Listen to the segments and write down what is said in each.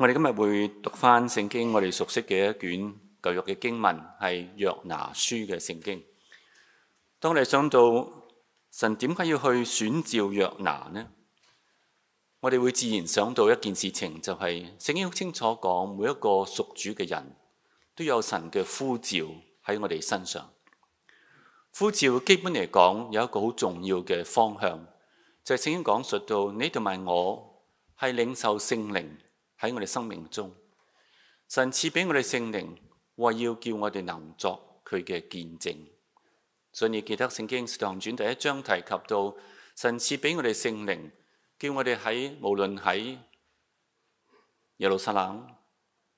我哋今日會讀翻聖經，我哋熟悉嘅一卷舊約嘅經文，係約拿書嘅聖經。當你想到神點解要去選召約拿呢？我哋會自然想到一件事情，就係、是、聖經好清楚講，每一個屬主嘅人都有神嘅呼召喺我哋身上。呼召基本嚟講有一個好重要嘅方向，就係、是、聖經講述到你同埋我係領受聖靈。喺我哋生命中，神賜俾我哋聖靈，話，要叫我哋能作佢嘅見證。所以記得聖經使徒行傳第一章提及到，神賜俾我哋聖靈，叫我哋喺無論喺耶路撒冷、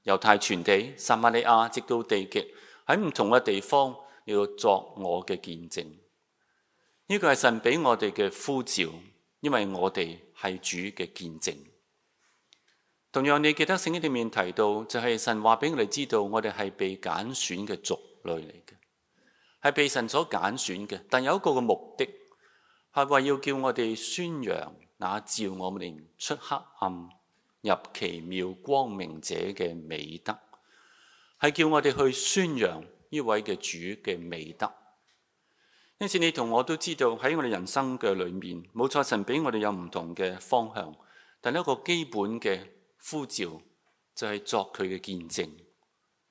猶太全地、撒瑪利亞，直到地極，喺唔同嘅地方要作我嘅見證。呢、這個係神俾我哋嘅呼召，因為我哋係主嘅見證。同樣你記得聖經裏面提到，就係、是、神話俾我哋知道，我哋係被揀選嘅族類嚟嘅，係被神所揀選嘅。但有一個嘅目的，係話要叫我哋宣揚那照我哋出黑暗入奇妙光明者嘅美德，係叫我哋去宣揚呢位嘅主嘅美德。因此你同我都知道喺我哋人生嘅裏面，冇錯，神俾我哋有唔同嘅方向，但一個基本嘅。呼召就係作佢嘅見證，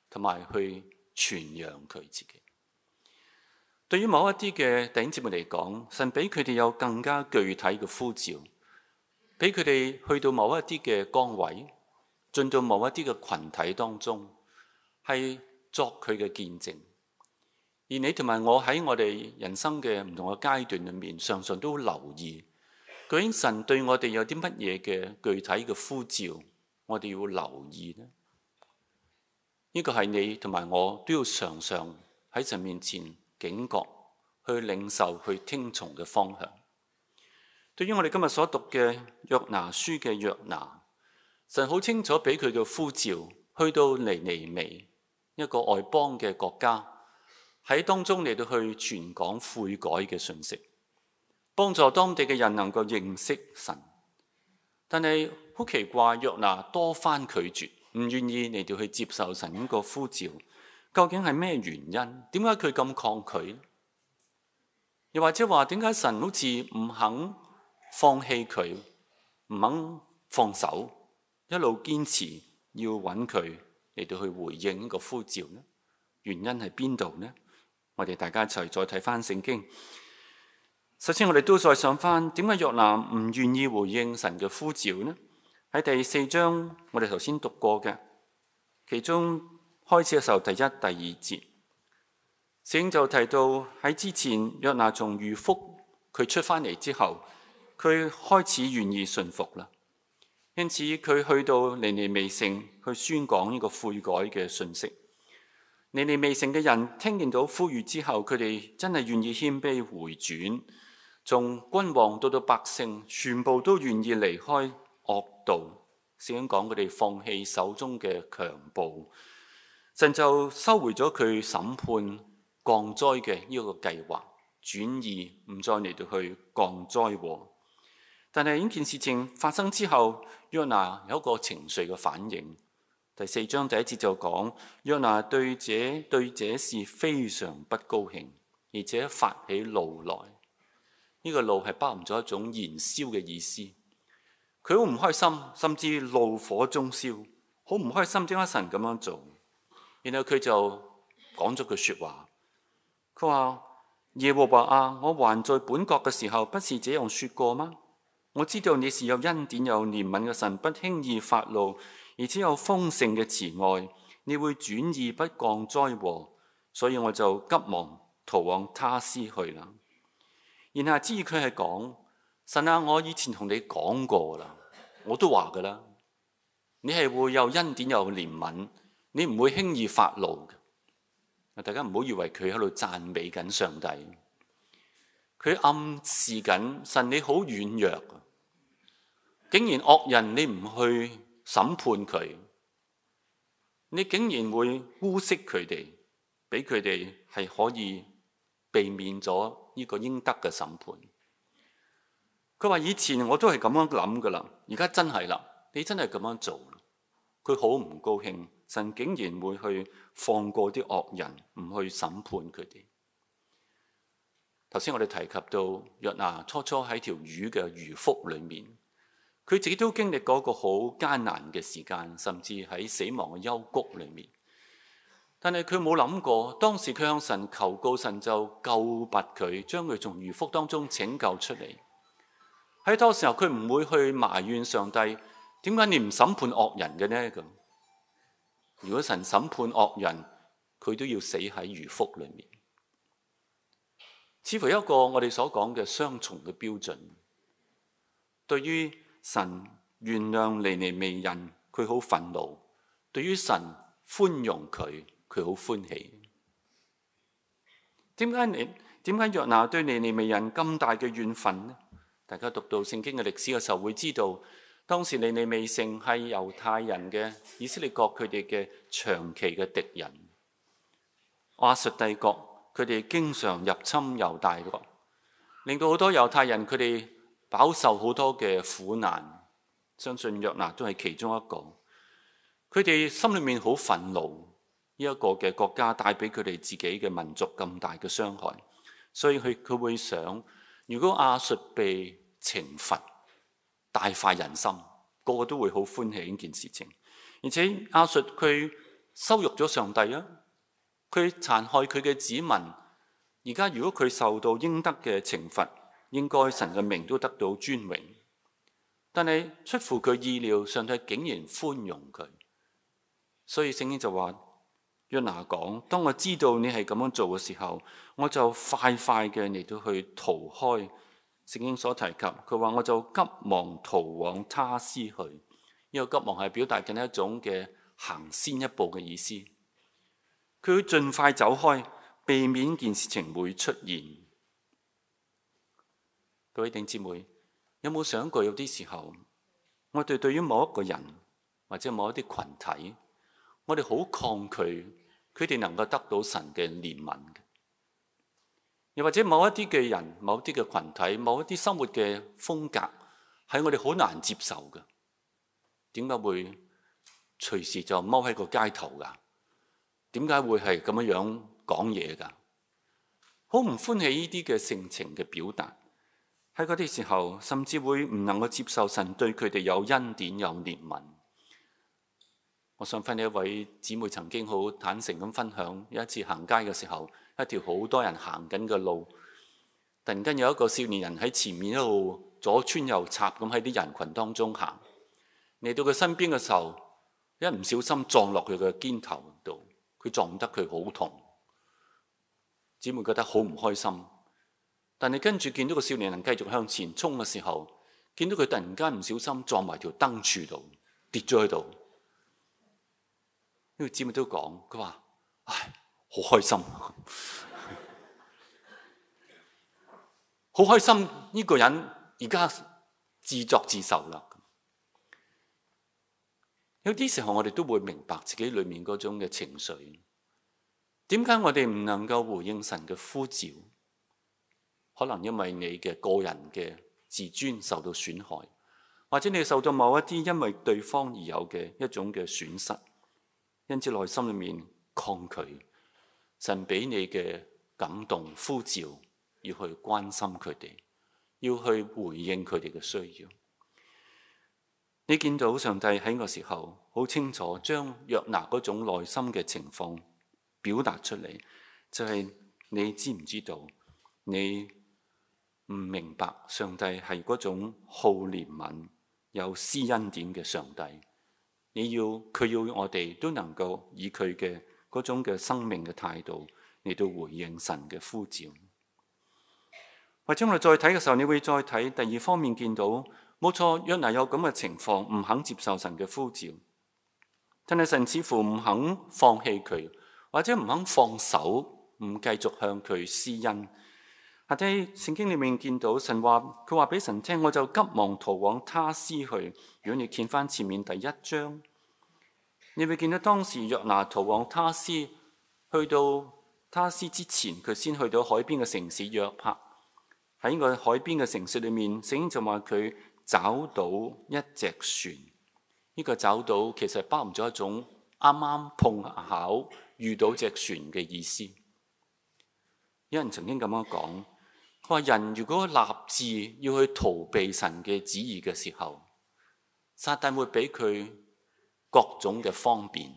同埋去傳揚佢自己。對於某一啲嘅頂節目嚟講，神俾佢哋有更加具體嘅呼召，俾佢哋去到某一啲嘅崗位，進到某一啲嘅群體當中，係作佢嘅見證。而你同埋我喺我哋人生嘅唔同嘅階段裏面，常常都會留意究竟神對我哋有啲乜嘢嘅具體嘅呼召。我哋要留意咧，呢、這個係你同埋我都要常常喺神面前警覺，去領受、去聽從嘅方向。對於我哋今日所讀嘅約拿書嘅約拿，神好清楚俾佢嘅呼召，去到尼尼微，一個外邦嘅國家，喺當中嚟到去傳講悔改嘅信息，幫助當地嘅人能夠認識神。但係，好奇怪，約拿多番拒絕，唔願意嚟到去接受神呢個呼召，究竟係咩原因？點解佢咁抗拒？又或者話點解神好似唔肯放棄佢，唔肯放手，一路堅持要揾佢嚟到去回應呢個呼召呢？原因係邊度呢？我哋大家一齊再睇翻聖經。首先，我哋都再想翻，點解約拿唔願意回應神嘅呼召呢？喺第四章，我哋頭先讀過嘅其中開始嘅時候，第一、第二節，先就提到喺之前，約拿從魚腹佢出翻嚟之後，佢開始願意信服啦。因此佢去到尼尼微城去宣講呢個悔改嘅信息。尼尼微城嘅人聽見到呼籲之後，佢哋真係願意謙卑回轉，從君王到到百姓，全部都願意離開惡道，先講佢哋放棄手中嘅強暴，神就收回咗佢審判降災嘅呢個計劃，轉移唔再嚟到去降災。但係呢件事情發生之後，約拿有一個情緒嘅反應。第四章第一節就講約拿對這對這事非常不高興，而且發起怒來。呢、這個怒係包含咗一種燃燒嘅意思。佢好唔開心，甚至怒火中燒，好唔開心，點解神咁樣做？然後佢就講咗句説話，佢話：耶和華啊，我還在本國嘅時候，不是這樣説過嗎？我知道你是有恩典有憐憫嘅神，不輕易發怒，而且有豐盛嘅慈愛，你會轉意不降災禍。所以我就急忙逃往他施去啦。然後知佢係講：神啊，我以前同你講過啦。我都話噶啦，你係會有恩典又憐憫，你唔會輕易發怒嘅。大家唔好以為佢喺度讚美緊上帝，佢暗示緊神，你好軟弱，竟然惡人你唔去審判佢，你竟然會姑息佢哋，俾佢哋係可以避免咗呢個應得嘅審判。佢話：以前我都係咁樣諗噶啦，而家真係啦，你真係咁樣做，佢好唔高興。神竟然會去放過啲惡人，唔去審判佢哋。頭先我哋提及到約拿初初喺條魚嘅魚腹裏面，佢自己都經歷過一個好艱難嘅時間，甚至喺死亡嘅幽谷裏面。但係佢冇諗過，當時佢向神求告，神就救拔佢，將佢從魚腹當中拯救出嚟。喺多時候佢唔會去埋怨上帝，點解你唔審判惡人嘅呢？咁如果神審判惡人，佢都要死喺魚腹裏面，似乎一個我哋所講嘅雙重嘅標準。對於神原諒尼尼微人，佢好憤怒；對於神寬容佢，佢好歡喜。點解你點解約拿對尼尼微人咁大嘅怨憤咧？大家讀到聖經嘅歷史嘅時候，會知道當時尼尼微城係猶太人嘅以色列國，佢哋嘅長期嘅敵人亞述帝國，佢哋經常入侵猶大國，令到好多猶太人佢哋飽受好多嘅苦難。相信約拿都係其中一個，佢哋心裏面好憤怒呢一個嘅國家帶俾佢哋自己嘅民族咁大嘅傷害，所以佢佢會想，如果亞述被懲罰，大快人心，個個都會好歡喜呢件事情。而且亞述佢羞辱咗上帝啊，佢殘害佢嘅子民。而家如果佢受到應得嘅懲罰，應該神嘅名都得到尊榮。但係出乎佢意料上，上帝竟然寬容佢。所以聖經就話，約拿講：當我知道你係咁樣做嘅時候，我就快快嘅嚟，到去逃開。聖經所提及，佢話：我就急忙逃往他施去，因為急忙係表達緊一種嘅行先一步嘅意思。佢會盡快走開，避免件事情會出現。各位弟兄姊妹，有冇想過有啲時候，我哋對於某一個人或者某一啲群體，我哋好抗拒佢哋能夠得到神嘅憐憫又或者某一啲嘅人、某一啲嘅群體、某一啲生活嘅風格，係我哋好難接受嘅。點解會隨時就踎喺個街頭噶？點解會係咁樣樣講嘢噶？好唔歡喜呢啲嘅性情嘅表達，喺嗰啲時候，甚至會唔能夠接受神對佢哋有恩典、有憐憫。我想分享一位姊妹曾經好坦誠咁分享，有一次行街嘅時候，一條好多人行緊嘅路，突然間有一個少年人喺前面一路左穿右插咁喺啲人群當中行，嚟到佢身邊嘅時候，一唔小心撞落佢嘅肩頭度，佢撞得佢好痛。姊妹覺得好唔開心，但係跟住見到個少年人繼續向前衝嘅時候，見到佢突然間唔小心撞埋條燈柱度，跌咗喺度。呢個姊妹都講，佢話：唉。好開心，好 開心！呢個人而家自作自受啦。有啲時候我哋都會明白自己裏面嗰種嘅情緒。點解我哋唔能夠回應神嘅呼召？可能因為你嘅個人嘅自尊受到損害，或者你受到某一啲因為對方而有嘅一種嘅損失，因此內心裏面抗拒。神俾你嘅感動呼召，要去關心佢哋，要去回應佢哋嘅需要。你見到上帝喺個時候好清楚，將約拿嗰種內心嘅情況表達出嚟，就係、是、你知唔知道？你唔明白上帝係嗰種好憐憫、有施恩典嘅上帝。你要佢要我哋都能夠以佢嘅。嗰種嘅生命嘅態度，你都回應神嘅呼召。或者我哋再睇嘅時候，你會再睇第二方面，見到冇錯，約拿有咁嘅情況，唔肯接受神嘅呼召。但係神似乎唔肯放棄佢，或者唔肯放手，唔繼續向佢施恩。或者聖經裏面見到神話，佢話俾神聽，我就急忙逃往他施去。如果你見返前面第一章。你會見到當時約拿逃往他斯，去到他斯之前，佢先去到海邊嘅城市約帕。喺個海邊嘅城市裏面，聖經就話佢找到一隻船。呢個找到其實包含咗一種啱啱碰巧遇到隻船嘅意思。有人曾經咁樣講，佢話人如果立志要去逃避神嘅旨意嘅時候，撒旦會俾佢各種嘅方便，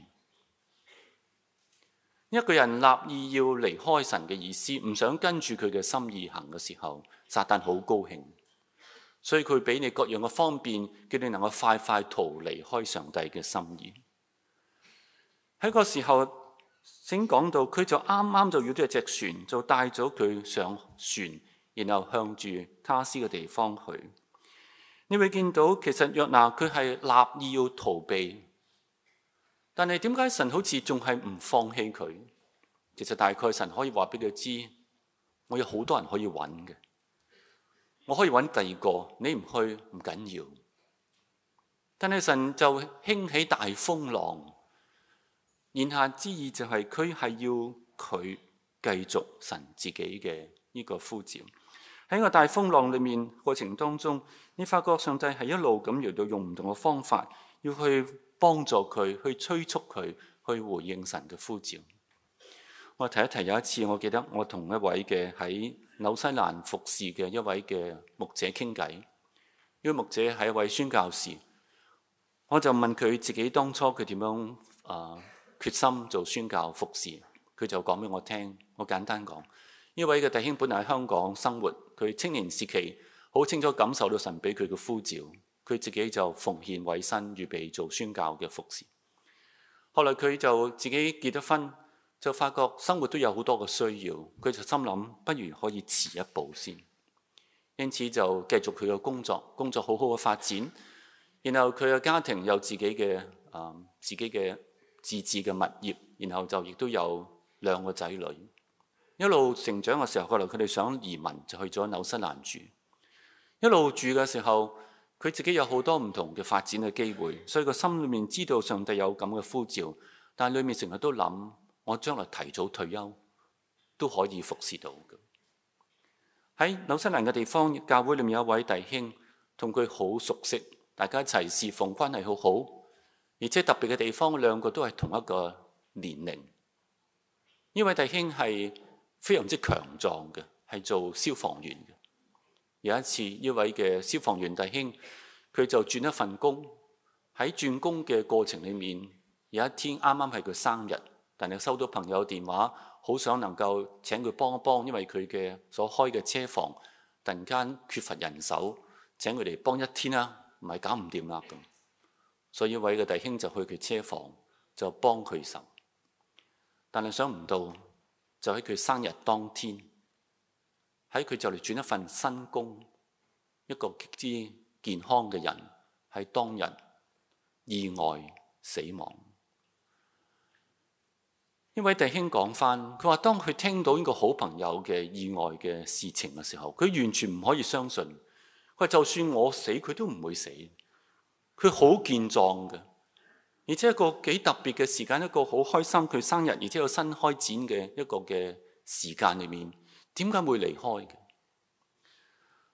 一個人立意要離開神嘅意思，唔想跟住佢嘅心意行嘅時候，撒旦好高興，所以佢俾你各樣嘅方便，叫你能夠快快逃離開上帝嘅心意。喺個時候先講到，佢就啱啱就遇到一隻船，就帶咗佢上船，然後向住他施嘅地方去。你會見到，其實約拿佢係立意要逃避。但係點解神好似仲係唔放棄佢？其實大概神可以話俾佢知，我有好多人可以揾嘅，我可以揾第二個。你唔去唔緊要，要，但係神就興起大風浪。言下之意就係佢係要佢繼續神自己嘅呢個呼召。喺個大風浪裏面過程當中，你發覺上帝係一路咁搖到用唔同嘅方法要去幫助佢去催促佢去回應神嘅呼召。我提一提有一次，我記得我同一位嘅喺紐西蘭服侍嘅一位嘅牧者傾偈，呢位牧者係一位宣教士。我就問佢自己當初佢點樣啊、呃、決心做宣教服侍。佢就講俾我聽。我簡單講，呢位嘅弟兄本嚟喺香港生活，佢青年時期好清楚感受到神俾佢嘅呼召。佢自己就奉獻委身，預備做宣教嘅服侍。後來佢就自己結咗婚，就發覺生活都有好多嘅需要，佢就心諗不如可以遲一步先。因此就繼續佢嘅工作，工作好好嘅發展。然後佢嘅家庭有自己嘅啊、呃，自己嘅自治嘅物業，然後就亦都有兩個仔女。一路成長嘅時候，後來佢哋想移民，就去咗紐西蘭住。一路住嘅時候，佢自己有好多唔同嘅發展嘅機會，所以個心裏面知道上帝有咁嘅呼召，但係裏面成日都諗我將來提早退休都可以服侍到嘅。喺紐西蘭嘅地方，教會裏面有一位弟兄同佢好熟悉，大家一齊侍奉，關係好好，而且特別嘅地方，兩個都係同一個年齡。呢位弟兄係非常之強壯嘅，係做消防員嘅。有一次，呢位嘅消防員弟兄，佢就轉一份工。喺轉工嘅過程裏面，有一天啱啱係佢生日，但係收到朋友電話，好想能夠請佢幫一幫，因為佢嘅所開嘅車房突然間缺乏人手，請佢哋幫一天啦，唔係搞唔掂啦咁。所以呢位嘅弟兄就去佢車房就幫佢手，但係想唔到，就喺佢生日當天。喺佢就嚟轉一份新工，一個極之健康嘅人，喺當日意外死亡。呢位弟兄講返，佢話：當佢聽到呢個好朋友嘅意外嘅事情嘅時候，佢完全唔可以相信。佢話：就算我死，佢都唔會死。佢好健壯嘅，而且一個幾特別嘅時間，一個好開心。佢生日，而且有新開展嘅一個嘅時間裏面。點解會離開嘅？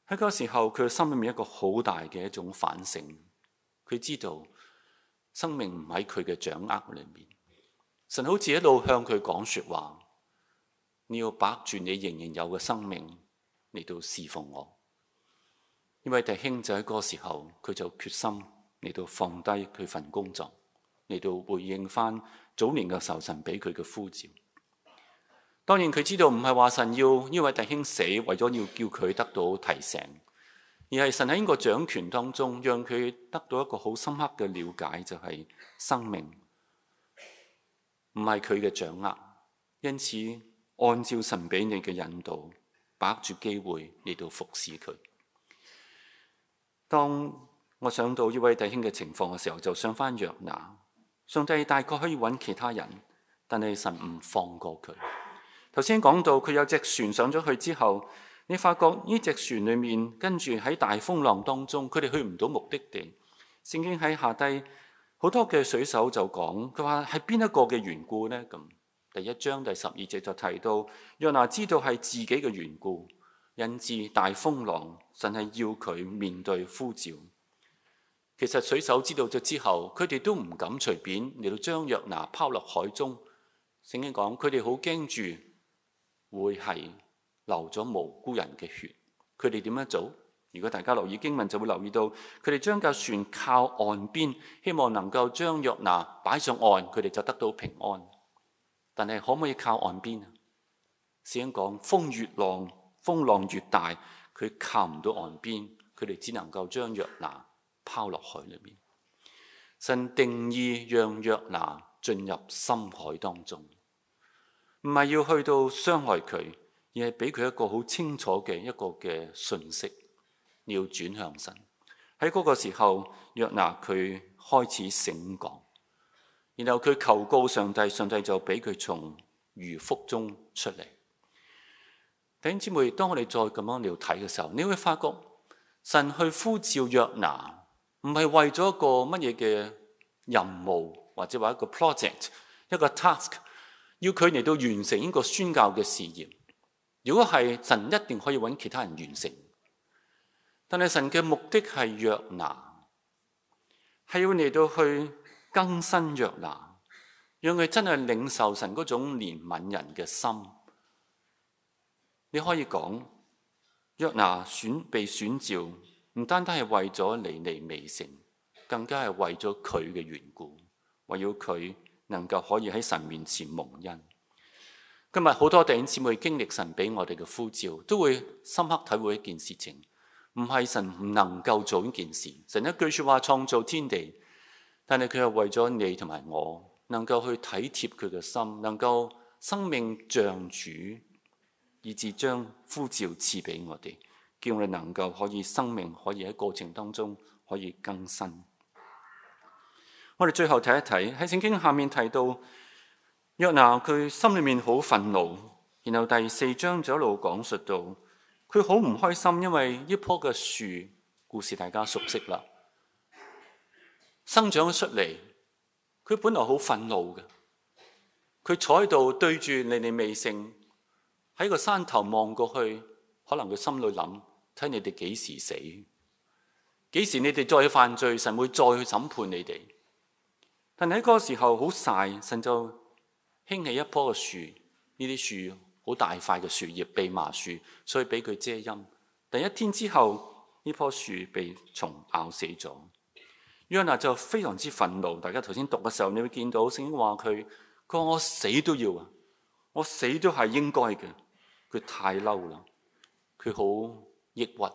喺嗰時候，佢嘅心裏面一個好大嘅一種反省，佢知道生命唔喺佢嘅掌握裏面。神好似喺度向佢講說話：你要把住你仍然有嘅生命嚟到侍奉我。因為弟兄就喺嗰時候，佢就決心嚟到放低佢份工作，嚟到回應翻早年嘅仇神俾佢嘅呼召。當然佢知道，唔係話神要呢位弟兄死，為咗要叫佢得到提醒，而係神喺呢個掌權當中，讓佢得到一個好深刻嘅了解，就係生命，唔係佢嘅掌握。因此，按照神俾你嘅引導，把握住機會嚟到服侍佢。當我想到呢位弟兄嘅情況嘅時候，就想翻約拿。上帝大概可以揾其他人，但係神唔放過佢。頭先講到佢有隻船上咗去之後，你發覺呢隻船裏面跟住喺大風浪當中，佢哋去唔到目的地。聖經喺下低好多嘅水手就講，佢話係邊一個嘅緣故呢？咁第一章第十二節就提到，約拿知道係自己嘅緣故，引致大風浪，神係要佢面對呼召。其實水手知道咗之後，佢哋都唔敢隨便嚟到將約拿拋落海中。聖經講佢哋好驚住。會係流咗無辜人嘅血，佢哋點樣做？如果大家留意經文，就會留意到佢哋將架船靠岸邊，希望能夠將約拿擺上岸，佢哋就得到平安。但係可唔可以靠岸邊啊？師兄講風越浪，風浪越大，佢靠唔到岸邊，佢哋只能夠將約拿拋落海裏面。神定意讓約拿進入深海當中。唔係要去到傷害佢，而係俾佢一個好清楚嘅、一個嘅信息，要轉向神。喺嗰個時候，約拿佢開始醒覺，然後佢求告上帝，上帝就俾佢從魚腹中出嚟。弟兄姊妹，當我哋再咁樣嚟睇嘅時候，你會發覺神去呼召約拿，唔係為咗一個乜嘢嘅任務，或者話一個 project，一個 task。要佢嚟到完成呢個宣教嘅事業，如果係神一定可以揾其他人完成，但係神嘅目的係約拿，係要嚟到去更新約拿，讓佢真係領受神嗰種憐憫人嘅心。你可以講約拿選被選召，唔單單係為咗尼尼微城，更加係為咗佢嘅緣故，為要佢。能夠可以喺神面前蒙恩。今日好多弟兄姊妹經歷神俾我哋嘅呼召，都會深刻體會一件事情，唔係神唔能夠做呢件事。神一句說話創造天地，但係佢係為咗你同埋我，能夠去體貼佢嘅心，能夠生命像主，以至將呼召賜俾我哋，叫我哋能夠可以生命可以喺過程當中可以更新。我哋最後睇一睇喺聖經下面提到約拿佢心裏面好憤怒，然後第四章就一路講述到佢好唔開心，因為一棵嘅樹，故事大家熟悉啦，生長咗出嚟，佢本來好憤怒嘅，佢坐喺度對住尼尼微城喺個山頭望過去，可能佢心裏諗：睇你哋幾時死？幾時你哋再犯罪，神會再去審判你哋。但喺嗰個時候好曬，神就興起一棵嘅樹，呢啲樹好大塊嘅樹葉，蓖麻樹，所以俾佢遮陰。第一天之後，呢棵樹被蟲咬死咗，約拿就非常之憤怒。大家頭先讀嘅時候，你會見到聖經話佢，佢話我死都要啊，我死都係應該嘅。佢太嬲啦，佢好抑鬱。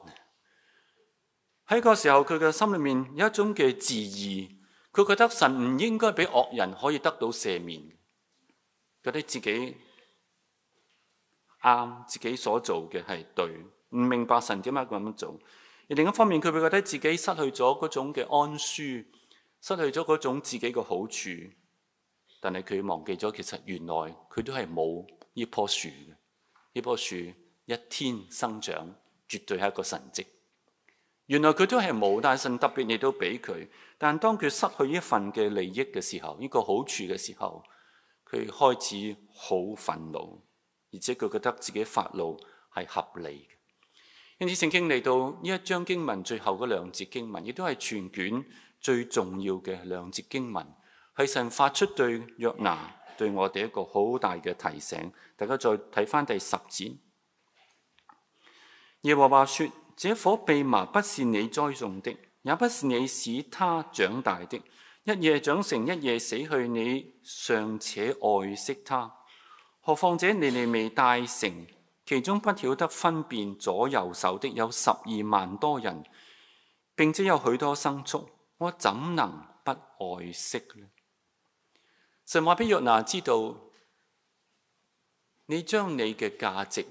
喺個時候，佢嘅心裏面有一種嘅自義。佢覺得神唔應該俾惡人可以得到赦免，覺得自己啱，自己所做嘅係對，唔明白神點解咁樣做。而另一方面，佢會覺得自己失去咗嗰種嘅安舒，失去咗嗰種自己嘅好處。但係佢忘記咗，其實原來佢都係冇呢棵樹嘅，呢棵樹一天生長，絕對係一個神蹟。原來佢都係冇，但係神特別你都俾佢。但當佢失去一份嘅利益嘅時候，呢、這個好處嘅時候，佢開始好憤怒，而且佢覺得自己發怒係合理。因此，聖經嚟到呢一章經文最後嗰兩節經文，亦都係全卷最重要嘅兩節經文，係神發出對約拿對我哋一個好大嘅提醒。大家再睇翻第十節，耶和華說：這棵蓖麻不是你栽種的。也不是你使他長大的，一夜長成，一夜死去你，你尚且愛惜他，何況這尼尼微大城，其中不曉得分辨左右手的有十二萬多人，並且有許多牲畜，我怎能不愛惜呢？神話俾約拿知道，你將你嘅價值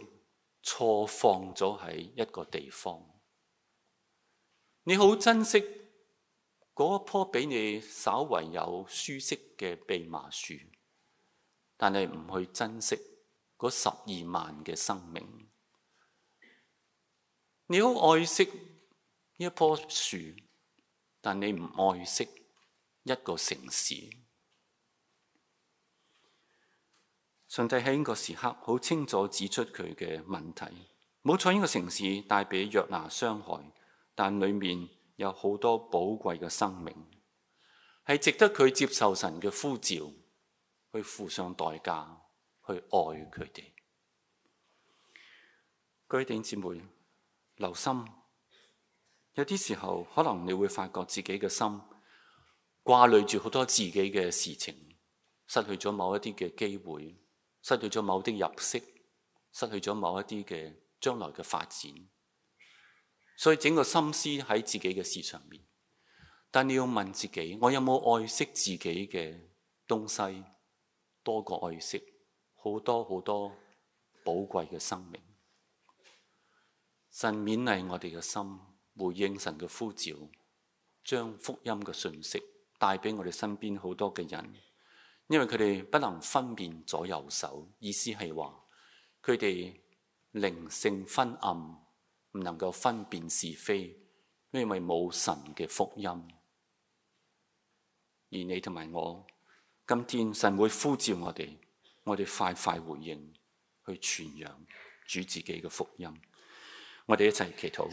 錯放咗喺一個地方。你好珍惜嗰一棵畀你稍為有舒適嘅蓖麻樹，但係唔去珍惜嗰十二萬嘅生命。你好愛惜一棵樹，但你唔愛惜一個城市。上帝喺呢個時刻好清楚指出佢嘅問題，冇錯，呢、呢個城市帶俾約拿傷害。但裏面有好多寶貴嘅生命，係值得佢接受神嘅呼召，去付上代價，去愛佢哋。各位弟兄姊妹，留心，有啲時候可能你會發覺自己嘅心掛慮住好多自己嘅事情，失去咗某一啲嘅機會，失去咗某啲入息，失去咗某一啲嘅將來嘅發展。所以整個心思喺自己嘅事上面，但你要問自己，我有冇愛惜自己嘅東西多過愛惜好多好多寶貴嘅生命？神勉勵我哋嘅心，回應神嘅呼召，將福音嘅信息帶俾我哋身邊好多嘅人，因為佢哋不能分辨左右手，意思係話佢哋靈性昏暗。唔能夠分辨是非，因為冇神嘅福音。而你同埋我，今天神會呼召我哋，我哋快快回應，去傳揚主自己嘅福音。我哋一齊祈禱。